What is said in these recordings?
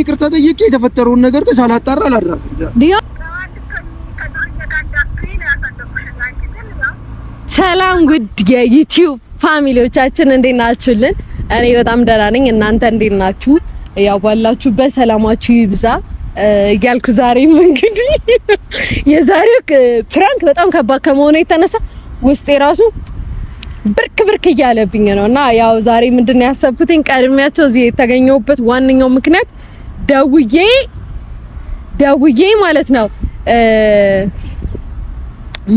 ይቅርታ ጠይቄ የተፈጠረውን ነገር ግን ሳላጣራ አላድራት። ሰላም ውድ የዩቲዩብ ፋሚሊዎቻችን እንዴት ናችሁልን? እኔ በጣም ደህና ነኝ። እናንተ እንዴት ናችሁ? ያው ባላችሁበት ሰላማችሁ ይብዛ እያልኩ ዛሬም እንግዲህ የዛሬው ፕራንክ በጣም ከባድ ከመሆኑ የተነሳ ውስጤ ራሱ ብርክ ብርክ እያለብኝ ነው እና ያው ዛሬ ምንድን ነው ያሰብኩትኝ ቀድሚያቸው እዚህ የተገኘሁበት ዋነኛው ምክንያት ደውዬ ደውዬ ማለት ነው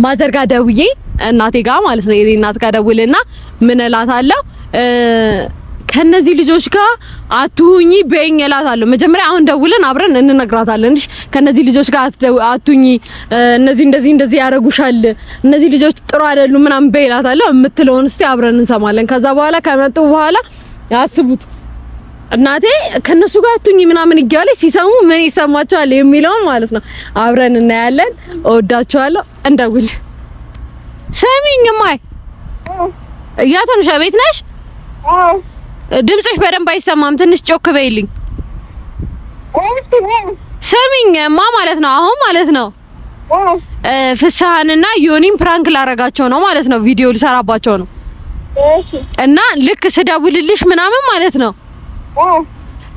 ማዘር ጋር ደውዬ እናቴ ጋር ማለት ነው የኔ እናት ጋር ደውልና ምን እላታለሁ ከነዚህ ልጆች ጋር አትሁኚ በይኝ እላታለሁ። መጀመሪያ አሁን ደውለን አብረን እንነግራታለን። እሺ ከነዚህ ልጆች ጋር አትሁኚ፣ እነዚህ እንደዚህ እንደዚህ ያደርጉሻል፣ እነዚህ ልጆች ጥሩ አይደሉም ምናምን በይ እላታለሁ። የምትለውን እስቲ አብረን እንሰማለን። ከዛ በኋላ ከመጡ በኋላ አስቡት እናቴ ከነሱ ጋር አትሁኝ ምናምን እያለች ሲሰሙ ምን ይሰማቸዋል የሚለውን ማለት ነው አብረን እናያለን። እወዳቸዋለሁ። እንደውል ሰሚኝ ማይ እያቶንሽ ቤት ነሽ? ድምፅሽ በደንብ አይሰማም። ትንሽ ጮክ በይልኝ። ሰሚኝ ማ ማለት ነው አሁን ማለት ነው ፍስሀንና ዮኒን ፕራንክ ላረጋቸው ነው ማለት ነው። ቪዲዮ ልሰራባቸው ነው እና ልክ ስደውልልሽ ምናምን ማለት ነው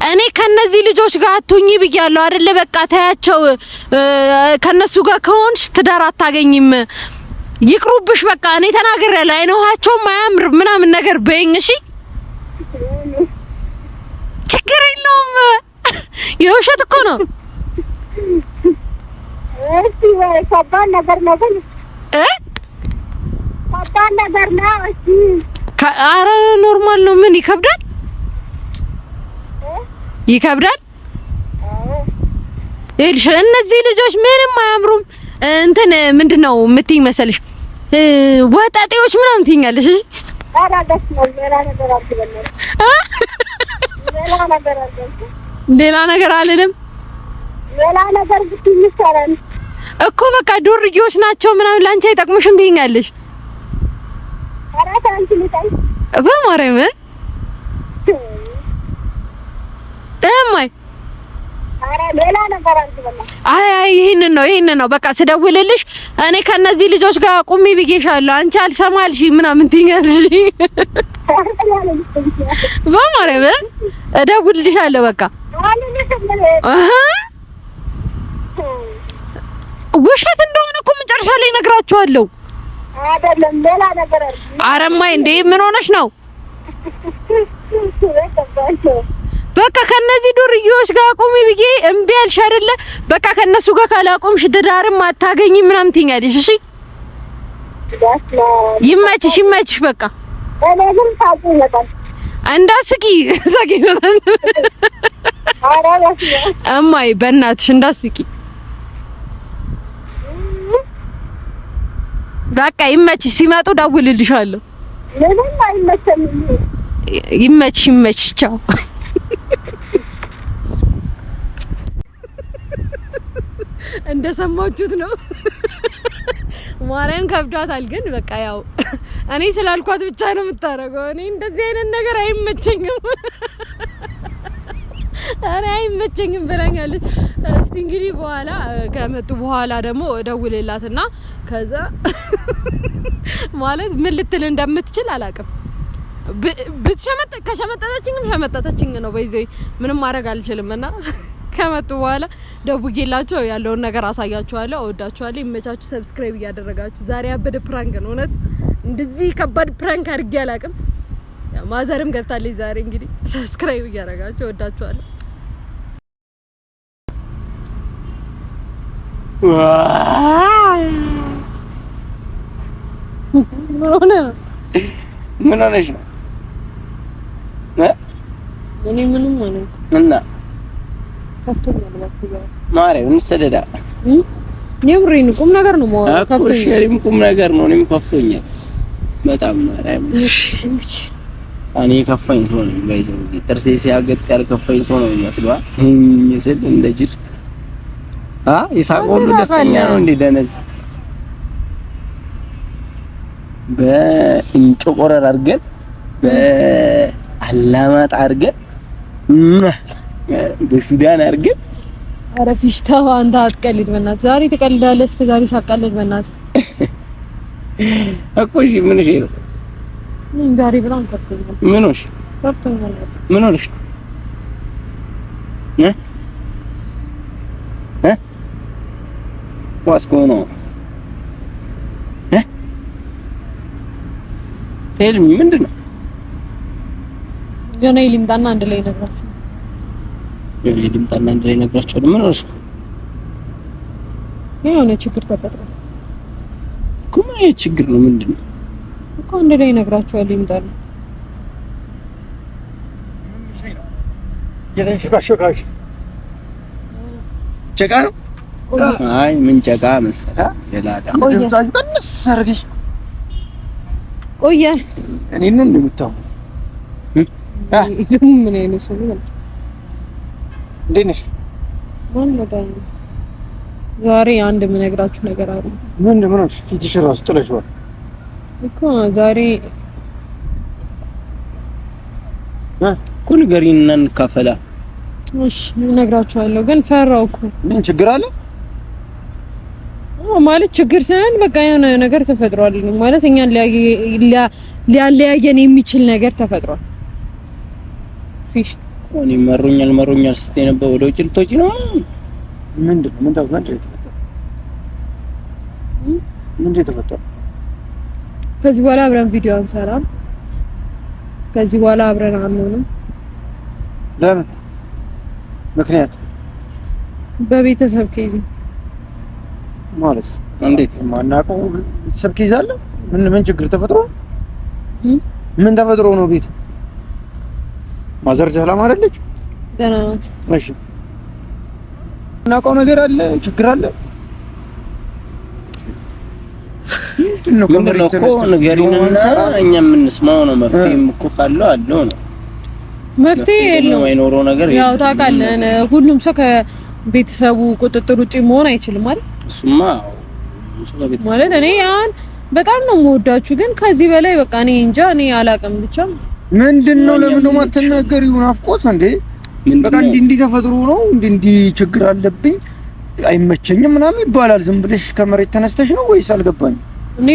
እኔ ከነዚህ ልጆች ጋር አትሁኝ ብያለሁ አይደለ? በቃ ታያቸው። ከነሱ ጋር ከሆንሽ ትዳር አታገኝም። ይቅሩብሽ በቃ። እኔ ተናግሬያለሁ። አይኖሃቸውም አያምር ምናምን ነገር በይኝ። እሺ፣ ችግር የለውም። የውሸት እኮ ነው። እሺ፣ ከባድ ነገር ነው እ ከባድ ነገር ነው። እሺ፣ ኖርማል ነው። ምን ይከብዳል? ይከብዳል። ይልሽ እነዚህ ልጆች ምንም አያምሩም። እንትን ምንድነው የምትይኝ መሰልሽ? ወጣጤዎች ምናምን ትይኛለሽ። እሺ ሌላ ነገር አልልም። ሌላ ነገር ብትይኝ ይሻላል እኮ በቃ ዱርዬዎች ናቸው ምናምን ላንቺ አይጠቅሙሽም ትይኛለሽ። በማርያም አልሰጠህም? አይ አይ ይሄንን ነው ይሄንን ነው በቃ ስደውልልሽ እኔ ከነዚህ ልጆች ጋር ቁሚ ብዬሻለሁ። አንቺ አልሰማልሽ ምናምን ትይኛለሽ። በማርያም እደውልልሻለሁ በቃ ውሸት እንደሆነ እኮ መጨረሻ ላይ እነግራችኋለሁ። አይደለም ሌላ ነገር አረማይ እንዴ ምን ሆነሽ ነው? በቃ ከነዚህ ዱርዬዎች ጋር ቁሚ ብዬ እምቢ አልሽ አይደለ? በቃ ከነሱ ጋር ካላቆምሽ ትዳርም አታገኝ ምናምን ትይኛለሽ። እሺ ይመችሽ፣ ይመችሽ። በቃ እንዳስቂ ሳቂ። በጣም በእናትሽ እንዳስቂ። በቃ ይመችሽ። ሲመጡ ደውልልሻለሁ። ምንም አይመቸኝም። ይመችሽ፣ ይመችሽ። ቻው እንደሰማችሁት ነው። ማርያም ከብዷታል፣ ግን በቃ ያው እኔ ስላልኳት ብቻ ነው የምታደርገው። እኔ እንደዚህ አይነት ነገር አይመቸኝም፣ እኔ አይመቸኝም ብለኛለች። እስቲ እንግዲህ በኋላ ከመጡ በኋላ ደግሞ እደውልላትና ከዛ ማለት ምን ልትል እንደምትችል አላውቅም። ብትሸመጠ ከሸመጠተችኝም ሸመጠተችኝ ነው። በይዘ ምንም ማድረግ አልችልም እና ከመጡ በኋላ ደውዬላቸው ያለውን ነገር አሳያችኋለሁ። እወዳችኋለሁ። ይመቻችሁ። ሰብስክራይብ እያደረጋችሁ ዛሬ ያበደ ፕራንክ ነው። እውነት እንደዚህ ከባድ ፕራንክ አድርጌ አላቅም። ማዘርም ገብታለች ዛሬ። እንግዲህ ሰብስክራይብ እያደረጋችሁ እወዳችኋለሁ። ምን ሆነሽ ነው? እኔ ምንም ማለት እና ቁም ነገር ነው ማለት ከፍቶኛል። ቁም ነገር ነው። እኔም ከፍቶኛል በጣም ከፋኝ ሰው ነው ባይዘው ጥርሴ ሲያገጥ ቀር ከፋኝ ሰው ነው የሚመስለው ስል እንደ ጅል አ የሳቅ ሁሉ ደስተኛ ነው እንዴ ደነዝ በእንጭቆረር አድርገን በ አላማጣ አድርገን በሱዳን አድርገን ኧረ ፊሽታ አንተ አትቀልድ በእናትህ። ዛሬ ትቀልዳለህ። እስከ ዛሬ ሳቀልድ በእናትህ እኮ እሺ። ምን እሺ ነው ዛሬ በጣም ከብቶኛል። ምን ሆነሽ? ከብቶኛል። ምን ሆነሽ? እ እ ዋስኮ ነው እ ቴል ምንድን ነው የሆነ ይልምጣና አንድ ላይ ነግራችሁ የሆነ ይልምጣና አንድ ላይ ነግራችሁ ምን ሆነሽ? የሆነ ችግር ተፈጥሯል እኮ ምን አይነት ችግር ነው? ምንድን ነው እኮ አንድ ላይ ነግራችኋል። ሊምጣና የተንሸካሸካችሁ ጨቃ ነው? አይ ምን ጨቃ መሰለህ የላዳ ቆየ ቆየ እኔን ነው እንደምታውቀው ምን አይነት ሰው ነው? እንዴት ነሽ? ዛሬ አንድ የምነግራችሁ ነገር አለ። ምንድን ነው? ፊትሽ እራሱ ጥለሽዋል እኮ ዛሬ እኮ ንገሪኝ እና እንካፈላ። እሺ እነግራችኋለሁ፣ ግን ፈራሁ እኮ። ምን ችግር አለ? ማለት ችግር ሳይሆን በቃ የሆነ ነገር ተፈጥሯል ማለት እኛን ሊያለያየን የሚችል ነገር ተፈጥሯል። ፊሽ እኔ መሮኛል መሮኛል ስትይ ነበር። ወደ ውጭ ልትወጪ ነው? ምንድን ነው ምንድን የተፈጠረው? ከዚህ በኋላ አብረን ቪዲዮ አንሰራም። ከዚህ በኋላ አብረን አንሆንም። ለምን ምክንያት? በቤተሰብ ኬዝ ማለት እንዴት? ማናውቀው ቤተሰብ ኬዝ አለ። ምን ምን ችግር ተፈጥሮ? ምን ተፈጥሮ ነው ቤት ማዘር ሰላም አይደለች? ደህና ናት። እሺ እናውቀው ነገር አለ ችግር አለ ምንድነው እኮ ንገሪንና እኛ የምንስማው ነው። መፍትሄም እኮ ካለው አለው ነው መፍትሄ የለውም አይኖረው ነገር ያው ታውቃለህ፣ ሁሉም ሰው ከቤተሰቡ ቁጥጥር ውጪ መሆን አይችልም አይደል? እሱማ ማለት እኔ ያን በጣም ነው የምወዳችሁ፣ ግን ከዚህ በላይ በቃ እኔ እንጃ እኔ አላውቅም ብቻ ምንድን ነው? ለምን ደሞ አትናገሪው? ናፍቆት እንዴ? በቃ እንዲህ እንዲህ ተፈጥሮ ነው እንዲህ እንዲህ ችግር አለብኝ አይመቸኝም ምናምን ይባላል። ዝም ብለሽ ከመሬት ተነስተሽ ነው ወይስ አልገባኝ። እኔ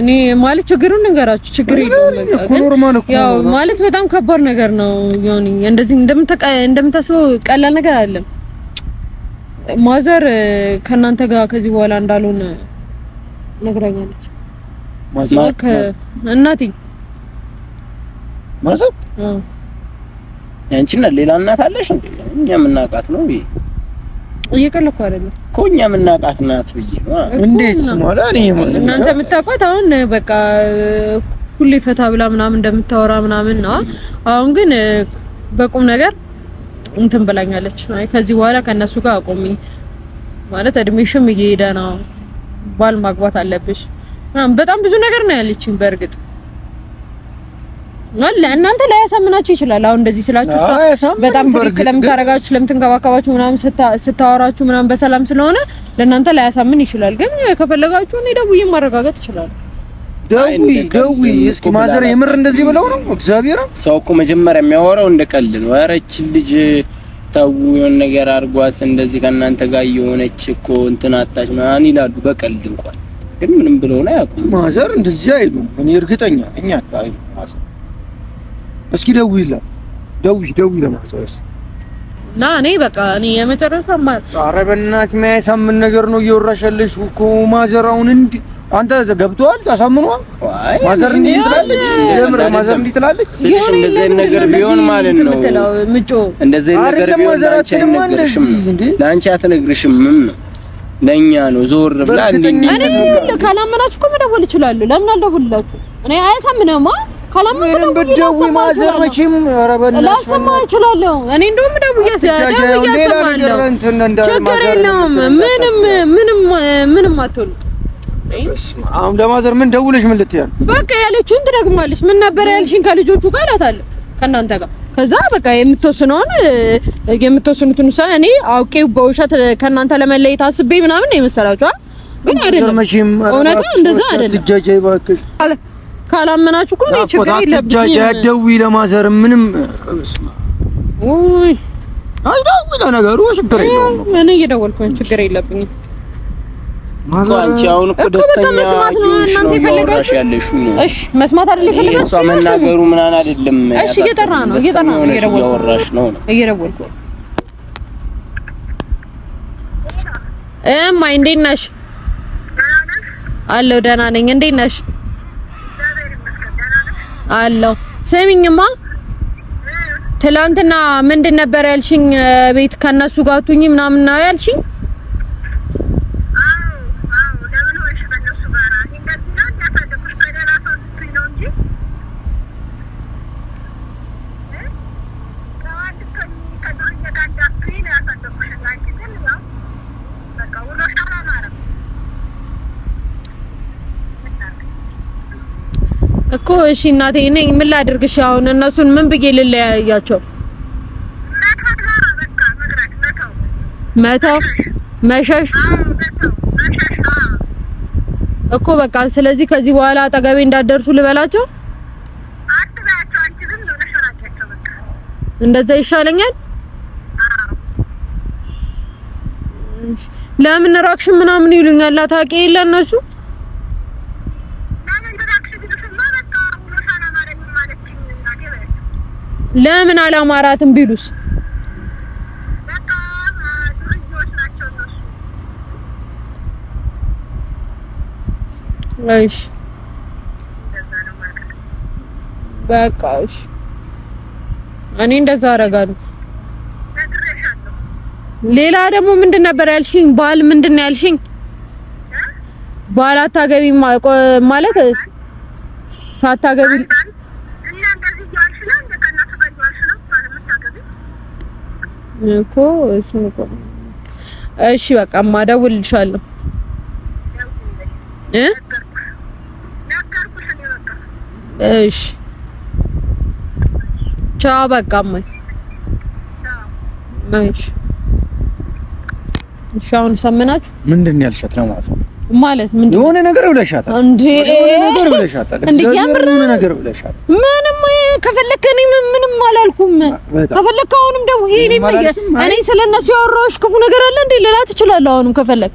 እኔ ማለት ችግሩን ንገራችሁ ችግር የለውም እኮ ያው ማለት በጣም ከባድ ነገር ነው። ዮኒ እንደዚህ እንደምታስበው ቀላል ነገር አይደለም። ማዘር ከእናንተ ጋር ከዚህ በኋላ እንዳልሆነ ነግራኛለች። ማዘር እናቴ ማዘር ያንቺና ሌላ እናት አለሽ እንዴ? እኛ የምናውቃት ነው ይሄ እየቀለኩ አይደለም እኮ እኛ የምናውቃት ናት ብዬ እንዴት ስሞላ እኔ እናንተ የምታውቋት አሁን በቃ ሁሌ ፈታ ብላ ምናምን እንደምታወራ ምናምን ነው። አሁን ግን በቁም ነገር እንትን ብላኛለች። ከዚህ በኋላ ከእነሱ ጋር አቆሚ ማለት እድሜሽም እየሄደ ነው፣ ባል ማግባት አለብሽ በጣም ብዙ ነገር ነው ያለችኝ በእርግጥ እናንተ ላያሳምናችሁ ይችላል። አሁን እንደዚህ ስላችሁ በጣም ትሪክ ለምታረጋችሁ ለምትንከባከባችሁ ምናምን ስታወራችሁ ምናምን በሰላም ስለሆነ ለእናንተ ላይ ላያሳምን ይችላል። ግን ከፈለጋችሁ እኔ ደውዬ ማረጋጋት ይችላል። ደውይ ደውይ፣ እስኪ ማዘር የምር እንደዚህ ብለው ነው። እግዚአብሔር ሰው እኮ መጀመሪያ የሚያወራው እንደቀልድ ነው። ኧረ ይህች ልጅ ተው የሆነ ነገር አድርጓት እንደዚህ ከእናንተ ጋር የሆነች እኮ እንትን አጣች ምናምን ይላሉ በቀልድ እንኳን። ግን ምንም ብለው ነው ያውቁ። ማዘር እንደዚህ አይሉም። እኔ እርግጠኛ እኛ አይ ማዘር እስኪ ደውይላት፣ ደውይ ደውይ ለማሰረስ ና እኔ በቃ እኔ የመጨረሻ ማር ኧረ በእናትህ የሚያሳምን ነገር ነው እየወራሻለሽ እኮ ማዘራውን እንዲ አንተ ገብቶሃል፣ ተሳምኗል። ማዘር እንዲህ ትላለች፣ የምር ማዘር እንዲህ ትላለች። እንደዚህ አይነት ነገር ቢሆን ማለት ነው ምጮ እንደዚህ አይነት ነገር ቢሆን ማዘራችንም እንዴ ለአንቺ አትነግርሽም ለእኛ ነው ዞር ብላ እንዴ እኔ ካላመናችሁ እኮ መደወል እችላለሁ። ለምን አልደውልላችሁ? እኔ አያሳምነማ ካላመንክ ብትደውይ ማዘር መቼም ኧረ በእናትሽ ላሰማ እችላለሁ። እኔ እንደውም ደውዬ እሰማለሁ። ችግር የለውም። ምንም ምንም ምንም አትሆንም። አሁን ለማዘር ምን ደውለሽ ምን ልትያል? በቃ ያለችውን ትደግማለች። ምን ነበር ያልሽኝ? ከልጆቹ ጋር እላታለሁ ከእናንተ ጋር ከዛ በቃ የምትወስነውን የምትወስኑትን ውሳኔ እኔ አውቄው በውሸት ከእናንተ ለመለየት አስቤ ምናምን ነው የመሰላችሁ፣ ግን አይደለም። እውነቱ እንደዛ አይደለም። ካላመናችሁ እኮ ነው ችግር የለም። አትደውይ ለማዘር ምንም ወይ አትደውይ። ለነገሩ ችግር የለውም እኔ እየደወልኩኝ ችግር የለብኝም። እየደወልኩ ነው ደህና ነኝ። እንዴት ነሽ? አለው። ስሚኝማ ትላንትና ምንድን ነበር ያልሽኝ? ቤት ከነሱ ጋር ትሁኚ ምናምን ነው ያልሽኝ እኮ እሺ እናቴ፣ እኔ ምን ላድርግሽ? አሁን እነሱን ምን ብዬ ልለያያቸው? መተው መሸሽ እኮ በቃ። ስለዚህ ከዚህ በኋላ አጠገቤ እንዳደርሱ ልበላቸው። እንደዛ ይሻለኛል። ለምን ራቅሽ ምናምን ይሉኛል። ታውቂ የለ እነሱ ለምን አላማራትም ቢሉስ? እሺ በቃ እሺ፣ እኔ እንደዛ አደርጋለሁ። ሌላ ደግሞ ምንድን ነበር ያልሽኝ? ባል ምንድን ነው ያልሽኝ? ባል አታገቢ ማለት ሳታገቢ እኮ እሱ እኮ እሺ፣ በቃ እደውልልሻለሁ እ እሺ ቻ በቃ ማይ ማይሽ ሻውን አሁን ሰምናችሁ ምንድን ያልሻት ነው ማለት ነው ማለት ምንድን የሆነ ነገር ብለሻታል እንዴ? የሆነ ነገር ብለሻታል። እንዴ? የሆነ ነገር ብለሻታል። ምን ከፈለክ እኔ ምንም አላልኩም። ከፈለክ አሁንም ደውዬ እኔ ስለነሱ ያወራሁሽ ክፉ ነገር አለ እንዴ ሌላ ትችላለህ። አሁንም ከፈለክ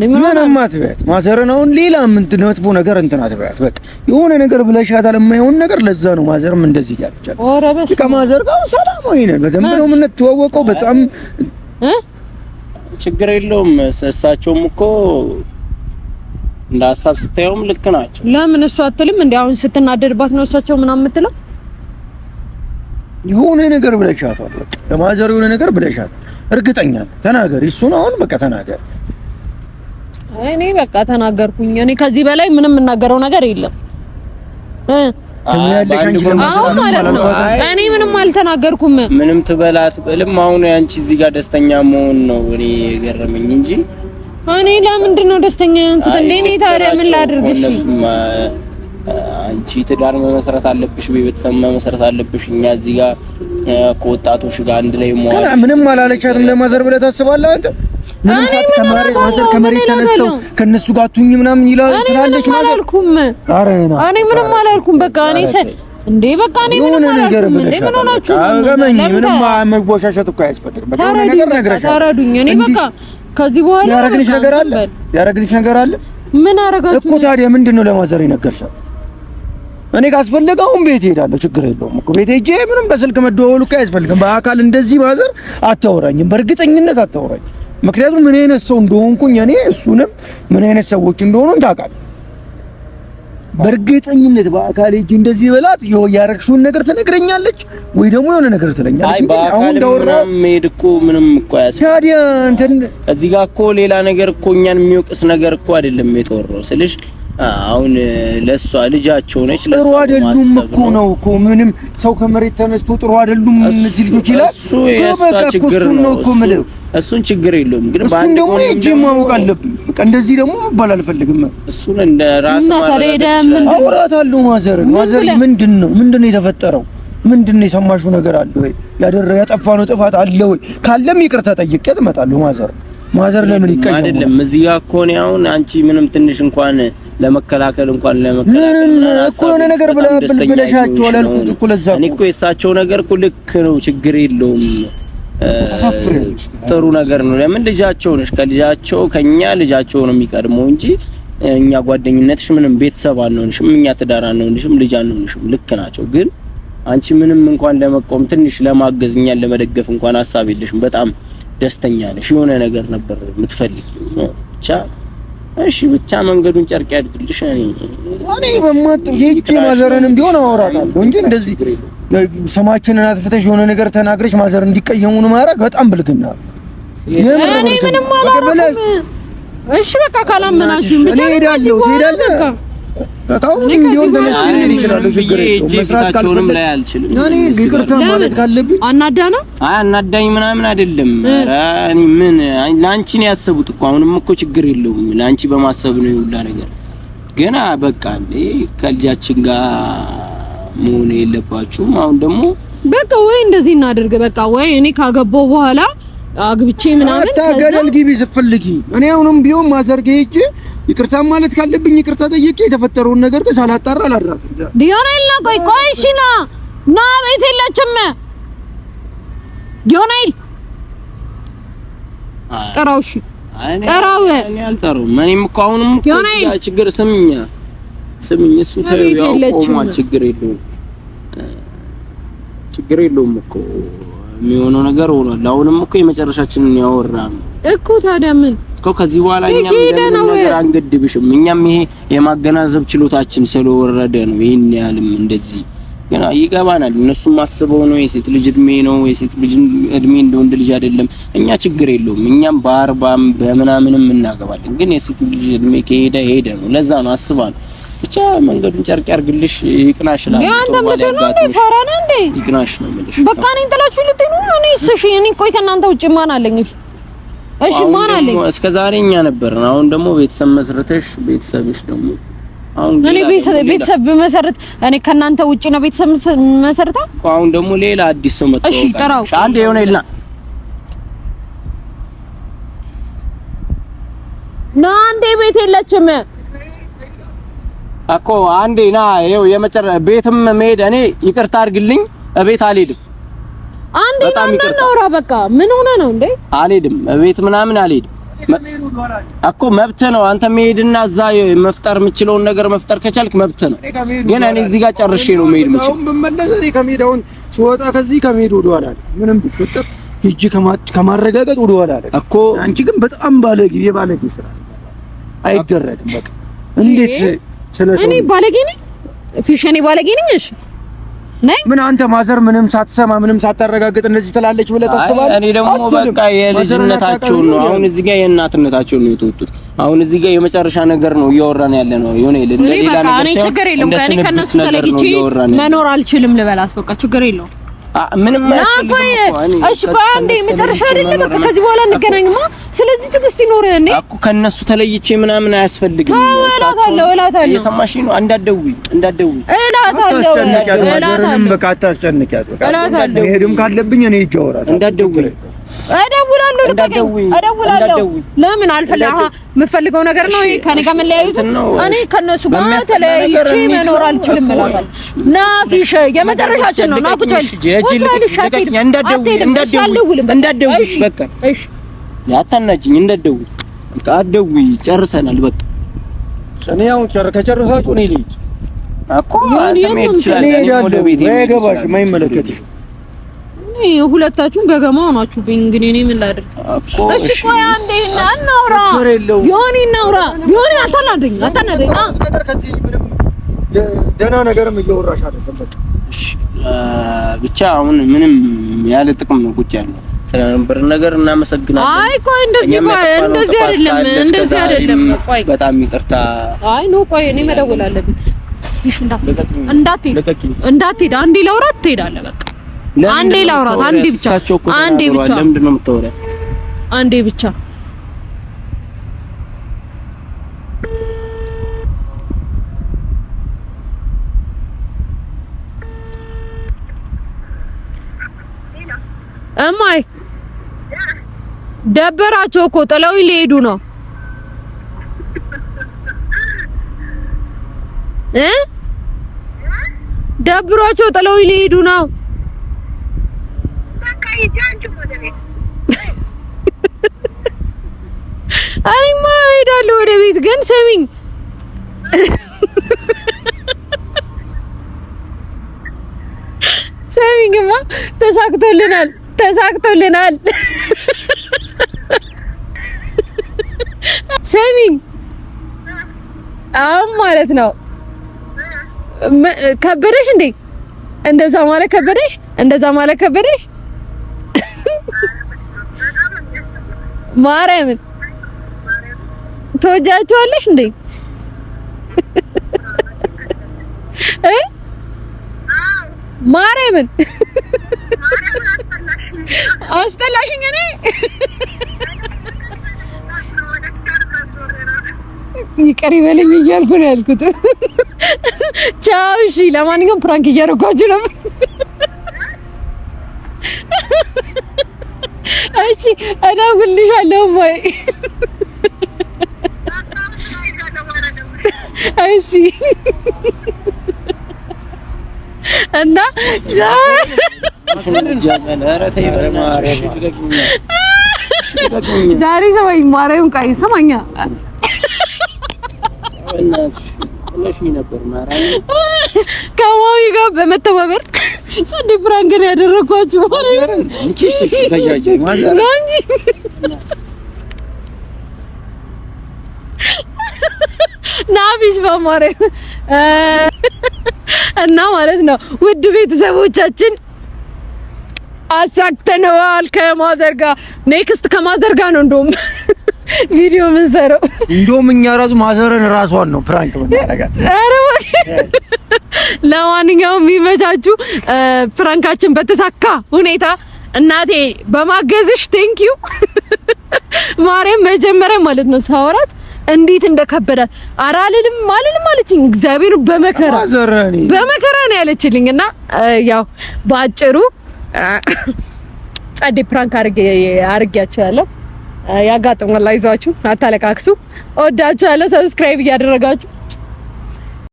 ምንም አትበያት። ማዘርን አሁን ሌላ ምን መጥፎ ነገር እንትን አትበያት። በቃ የሆነ ነገር ብለሻታል፣ የማይሆን ነገር። ለዛ ነው ማዘርም እንደዚህ ያልቻል። ከማዘር ጋር ሰላማዊ ነን፣ በደንብ ነው የምንተዋወቀው። በጣም ችግር የለውም። እሳቸውም እኮ እንደ ሀሳብ ስታየውም ልክ ናቸው። ለምን እሱ አትልም እንዴ? አሁን ስትናደድባት ነው እሳቸው ምናምን የምትለው የሆነ ነገር ብለሻታል። ለማዘር የሆነ ነገር ብለሻት እርግጠኛ ተናገር። እሱን አሁን በቃ ተናገር። እኔ በቃ ተናገርኩኝ። እኔ ከዚህ በላይ ምንም የምናገረው ነገር የለም። እኔ ምንም አልተናገርኩም። ምንም ትበላት ብልም አሁን ያንቺ እዚህ ጋር ደስተኛ መሆን ነው እኔ የገረመኝ እንጂ እኔ ለምንድን ነው ደስተኛ ያንኩት እንዴ? እኔ ታዲያ ምን ላድርግሽ? አንቺ ትዳር መመሰረት አለብሽ፣ ቤተሰብ መመስረት አለብሽ። እኛ እዚህ ጋር ከወጣቶች ጋር አንድ ላይ መዋል ምንም አላለቻትም። ለማዘር ብለህ ታስባለህ አንተ? ምንም ሳትከማሪ ማዘር ከመሬት ተነስተው ከነሱ ጋር ቱኝ ምናምን ይላል ትላለች። ማዘር። ኧረ እኔ ምንም አላልኩም። በቃ እኔ እንዴ በቃ እኔ ምንም ነገር እንዴ ምን ሆናችሁ? አገመኝ ምንም መግቦሻሸት እኮ አያስፈልግም። በቃ ነገር ነግረሻል። ታረዱኝ። እኔ በቃ ከዚህ በኋላ ያረግንሽ ነገር አለ፣ ያረግንሽ ነገር አለ። ምን አረጋችሁ እኮ ታዲያ? ምንድን ነው ለማዘር ይነገርሻል እኔ ካስፈለገውም ቤት እሄዳለሁ፣ ችግር የለውም እኮ ቤት ሄጄ ምንም በስልክ መደወሉ እኮ አያስፈልግም። በአካል እንደዚህ ማዘር አታወራኝም፣ በእርግጠኝነት አታወራኝ። ምክንያቱም ምን አይነት ሰው እንደሆንኩኝ እኔ እሱንም ምን አይነት ሰዎች እንደሆኑን ታውቃለህ። በእርግጠኝነት በአካል ሄጄ እንደዚህ በላት ያረግሽውን ነገር ትነግረኛለች ወይ ደግሞ የሆነ ነገር ትለኛለች። አሁን እንዳወራ መሄድ እኮ ምንም እኮ ያስፈልግ። ታዲያ እንትን እዚህ ጋር እኮ ሌላ ነገር እኮ እኛን የሚወቅስ ነገር እኮ አይደለም የተወራው ስልሽ አሁን ለሷ ልጃቸው ነች። ጥሩ አይደሉም እኮ ነው እኮ ምንም ሰው ከመሬት ተነስቶ ጥሩ አይደሉም እነዚህ ልጆች ይላል። እሱ የሷ ችግር ነው እኮ ምንም እሱን ችግር የለውም ግን እሱን ደግሞ እጅ ማወቅ አለብኝ። በቃ እንደዚህ ደግሞ መባል አልፈልግም። እሱን እንደ ራስ ማረድ አውራታለሁ። ማዘርን ማዘሪ ምንድን ነው ምንድን ነው የተፈጠረው? ምንድን ነው የሰማሽው ነገር አለ ወይ? ያደረ ያጠፋ ነው ጥፋት አለ ወይ? ካለም ይቅርታ ጠይቄ እመጣለሁ ማዘር ማዘር ለምን ይቀየማል? አይደለም እዚህ ጋር እኮ ነው አሁን አንቺ ምንም ትንሽ እንኳን ለመከላከል እንኳን ለመከላከል እኮ የሆነ ነገር ብለሻቸው አላልኩት እኮ ለዛ እኔ እኮ የእሳቸው ነገር እኮ ልክ ነው፣ ችግር የለውም ጥሩ ነገር ነው። ለምን ልጃቸው ነሽ፣ ከልጃቸው ከኛ ልጃቸው ነው የሚቀድመው እንጂ እኛ ጓደኝነትሽ ምንም ቤተሰብ አንሆንሽም፣ እኛ ትዳር አንሆንሽም፣ ልጅ አንሆንሽም። ልክ ናቸው ግን አንቺ ምንም እንኳን ለመቆም ትንሽ ለማገዝ እኛን ለመደገፍ እንኳን ሀሳብ የለሽም በጣም ደስተኛ ነሽ፣ የሆነ ነገር ነበር የምትፈልግ ብቻ እሺ ብቻ መንገዱን ጨርቅ ያድርግልሽ። እኔ በማጥ ሄጄ ማዘረንም ቢሆን አወራታለሁ እንጂ እንደዚህ ስማችንን አጥፍተሽ የሆነ ነገር ተናግረሽ ማዘር እንዲቀየሙን ማድረግ በጣም ብልግና። እኔ ምንም አላደርግም። እሺ በቃ ካላመናችሁ ብቻ ነው አሁን እንዲሁም ተነስተን ይችላል ችግር መስራት ካልሆነም ላይ አልችልም። ያኔ ይቅርታ ማለት ካለብኝ አናዳና አናዳኝ ምናምን አይደለም። እኔ ምን ለአንቺ ነው ያሰቡት እኮ አሁንም እኮ ችግር የለውም ለአንቺ በማሰብ ነው ይውላ ነገር ገና በቃ ከልጃችን ጋር መሆን የለባችሁም። አሁን ደግሞ በቃ ወይ እንደዚህ እናድርግ በቃ ወይ እኔ ካገባው በኋላ አግብቼ ምናምን አታገደል ግቢ ስትፈልጊ እኔ አሁንም ቢሆን ማዘርገ ይጂ ይቅርታ ማለት ካለብኝ ይቅርታ ጠይቄ የተፈጠረውን ነገር ግን ሳላጣራ አላድራት። ዲዮና ይላ ቆይ ቆይ፣ እሺ ና ና፣ ቤት የለችም ዲዮና ይል ጥራው፣ እሺ ጥራው። እኔ አልጠራውም። እኔም እኮ አሁንም ያ ችግር ስምኛ ስምኝ፣ እሱ ተያው ቆማ ችግር የለውም ችግር የለውም እኮ የሚሆነው ነገር ሆኗል። አሁንም እኮ የመጨረሻችንን ያወራ ነው እኮ ታዲያ ምን እኮ ከዚህ በኋላ እኛ ነገር አንገድብሽም። እኛም ይሄ የማገናዘብ ችሎታችን ስለወረደ ነው። ይሄን ያህልም እንደዚህ ገና ይገባናል። እነሱም አስበው ነው። የሴት ልጅ እድሜ ነው። የሴት ልጅ እድሜ እንደ ወንድ ልጅ አይደለም። እኛ ችግር የለውም። እኛም በአርባም በምናምንም እናገባለን። ግን የሴት ልጅ እድሜ ከሄደ ሄደ ነው። ለዛ ነው አስባ ነው። ብቻ መንገዱን ጨርቅ ያርግልሽ፣ ይቅናሽ። ላይ አንተ ምትሉ እንዴ ፈራ እንዴ? ይቅናሽ ነው የምልሽ። በቃ እኔን ጥላችሁ ልትሄዱ እኔ እሺ፣ እኔ ቆይ ከእናንተ ውጭ ማን አለኝ? እሺ ማን አለኝ? እስከ ዛሬ እኛ ነበርን። አሁን ደግሞ ቤተሰብ መስርተሽ ቤተሰብሽ ደግሞ አሁን እኔ ቤተሰብ ብመሰርት እኔ ከእናንተ ውጪ ነው ቤተሰብ መሰርታ። አሁን ደግሞ ሌላ አዲስ ሰው መጣ። እሺ፣ ጥራው አንድ የሆነ ይልና ና አንዴ ቤት የለችም እኮ አንዴ ና ይኸው የመጨረ ቤትም መሄድ እኔ ይቅርታ አድርግልኝ፣ ቤት አልሄድም አንዴ እናውራ በቃ። ምን ሆነ ነው እንዴ? አልሄድም፣ እቤት ምናምን አልሄድም እኮ መብት ነው። አንተ መሄድና እዛ መፍጠር የምችለውን ነገር መፍጠር ከቻልክ መብት ነው። ግን እኔ እዚህ ጋር ጨርሼ ነው መሄድ የምችለው። ብመለስ እኔ ከሜዳውን ስወጣ ከዚህ ከመሄድ ወደኋላ ምንም ብፈጠር ሂጂ ከማረጋገጥ ወደኋላ እኮ። አንቺ ግን በጣም ባለጌ የባለጌ ስራ አይደረግም። በቃ እንዴት ስለሰው እኔ ባለጌ ነኝ? ፊሽ እኔ ባለጌ ነኝ? እሺ ምን አንተ ማዘር ምንም ሳትሰማ ምንም ሳታረጋግጥ እንደዚህ ትላለች ብለህ ታስባለህ? እኔ ደግሞ በቃ የልጅነታቸውን ነው አሁን እዚህ ጋር የእናትነታቸውን ነው የተወጡት። አሁን እዚህ ጋር የመጨረሻ ነገር ነው እያወራን ያለ ነው። የሆነ ችግር የለውም ከእኔ ከእነሱ ተለይቼ መኖር አልችልም ልበላት። በቃ ችግር የለውም ምንም መጨረሻ አይደለ? በቃ ከዚህ በኋላ እንገናኝማ። ስለዚህ ትዕግስት እንዴ እኮ ከነሱ ተለይቼ ምናምን አያስፈልግም። እላታለሁ እላታለሁ። ነው። እንዳትደውይ እንዳትደውይ እላታለሁ እላታለሁ። በቃ አታስጨንቂያት። በቃ መሄድም ካለብኝ እኔ ሂጅ አወራታለሁ። እንዳትደውይ እደውላለሁ እደውላለሁ። ለምን አልፈልግ የምፈልገው ነገር ነው ከኔ ጋር መለያየቱ። እኔ ከእነሱ ጋር ተለያይቼ መኖር አልችልም ናፊሽ የመጨረሻችን ነው። ናኩቷል እንዳትደውይ፣ በቃ አታናጅኝ፣ እንዳትደውይ። በቃ አትደውይ፣ ጨርሰናል። በቃ እኔ አሁን ከጨረሳችሁ እኔ ልሂድ እኮ። እኔ እሄዳለሁ። አይገባሽም፣ አይመለከትሽም ሁለታችሁም በገማ ሆናችሁብኝ። እንግዲህ እኔ ምን ላድርግ? እሺ ቆይ አንዴ እናውራ፣ ዮኒ እናውራ። ዮኒ አታናደኝ፣ አታናደኝ። ደህና ነገርም እየወራሽ አይደለም። ብቻ አሁን ምንም ያለ ጥቅም ነው ቁጭ ያለው ስለነበር ነገር እናመሰግናለን። አይ ቆይ እንደዚህ እንደዚህ አይደለም፣ እንደዚህ አይደለም። ቆይ በጣም ይቅርታ። አይ ኖ ቆይ እኔ መደወል አለብኝ። ፊሽ እንዳትሄድ፣ እንዳትሄድ፣ እንዳትሄድ። አንዴ ላውራ ትሄዳለህ በቃ አንዴ ላውራት፣ አንዴ ብቻ፣ አንዴ ብቻ። ለምንድን ነው የምታወሪው? አንዴ ብቻ እማይ ደበራቸው እኮ ጥለውኝ ሊሄዱ ነው እ ደብሯቸው ጥለውኝ ሊሄዱ ነው። እኔማ እሄዳለሁ ወደ ቤት። ግን ስሚኝ ስሚኝማ ተሳክቶልናል፣ ተሳክቶልናል። ስሚኝ አሁን ማለት ነው ከበደሽ እንዴ? እንደዛ ማለት ከበደሽ? እንደዛ ማለት ከበደሽ? ማርያምን ተወጃቸዋለሽ እንዴ? እ ማርያምን አስጠላሽኝ። እኔ ይቅር ይበለኝ እያልኩ ነው ያልኩት። ቻው። እሺ፣ ለማንኛውም ፕራንክ እያደረጓችሁ ነው። እሺ፣ እደውልልሻለሁ ማይ እሺ እና ዛሬ ሰማኝ ማርያም ቃይ ሰማኛ ከማዊ ጋር በመተባበር ጸዴ ፕራንክ ያደረኳችሁ ነው እንጂ ናቢሽ በማረ እና ማለት ነው ውድ ቤተሰቦቻችን አሳክተነዋል። ከማዘር ኔክስት ከማዘርጋ ነው እንደውም ቪዲዮ ምን ሰረው እንደውም እኛ ራሱ ማዘርን ራሷን ነው ፕራንክ ምናረጋት። አረ ለማንኛውም የሚመቻችሁ ፕራንካችን በተሳካ ሁኔታ እናቴ በማገዝሽ ቴንኪዩ ማርያም መጀመሪያ ማለት ነው ሳወራት እንዴት እንደከበዳት አራልልም አልልም አልልም አለችኝ። እግዚአብሔር በመከራ በመከራ ነው ያለችልኝና ያው ባጭሩ ጸዴ ፕራንክ አርጌ አርጊያችኋለሁ። ያጋጥማል። አይዟችሁ፣ አታለቃክሱ። እወዳችኋለሁ። ሰብስክራይብ እያደረጋችሁ